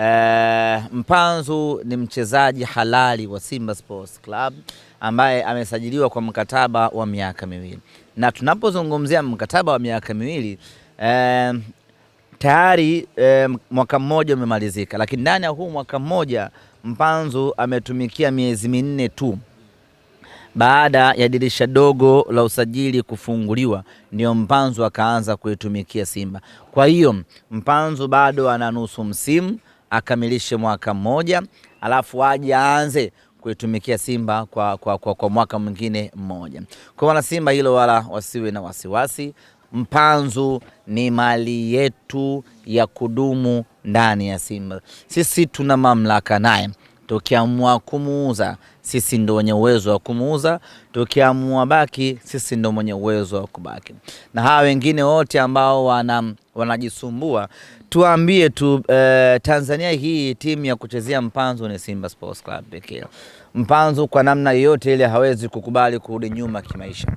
Eh, Mpanzu ni mchezaji halali wa Simba Sports Club ambaye amesajiliwa kwa mkataba wa miaka miwili, na tunapozungumzia mkataba wa miaka miwili eh, tayari eh, mwaka mmoja umemalizika, lakini ndani ya huu mwaka mmoja Mpanzu ametumikia miezi minne tu baada ya dirisha dogo la usajili kufunguliwa ndio Mpanzu akaanza kuitumikia Simba. Kwa hiyo Mpanzu bado ana nusu msimu akamilishe mwaka mmoja alafu aje aanze kuitumikia Simba kwa, kwa, kwa, kwa mwaka mwingine mmoja. Kwa wana Simba hilo wala wasiwe na wasiwasi. Mpanzu ni mali yetu ya kudumu ndani ya Simba. Sisi tuna mamlaka naye. Tukiamua kumuuza sisi ndo wenye uwezo wa kumuuza, tukiamua baki sisi ndo mwenye uwezo wa kubaki, na hawa wengine wote ambao wana wanajisumbua, tuambie tu eh, Tanzania hii timu ya kuchezea mpanzo ni Simba Sports Club pekee. Mpanzo kwa namna yoyote ile hawezi kukubali kurudi nyuma kimaisha,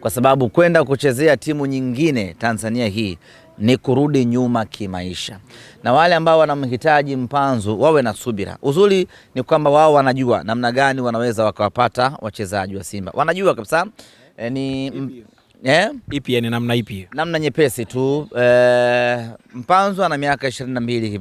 kwa sababu kwenda kuchezea timu nyingine Tanzania hii ni kurudi nyuma kimaisha, na wale ambao wanamhitaji Mpanzu wawe na subira. Uzuri ni kwamba wao wanajua namna gani wanaweza wakawapata wachezaji wa Simba, wanajua kabisa e, ni Eh? Ipi yani namna ipi? Namna nyepesi tu. E, Mpanzu ana miaka ishirini na mbili hivi.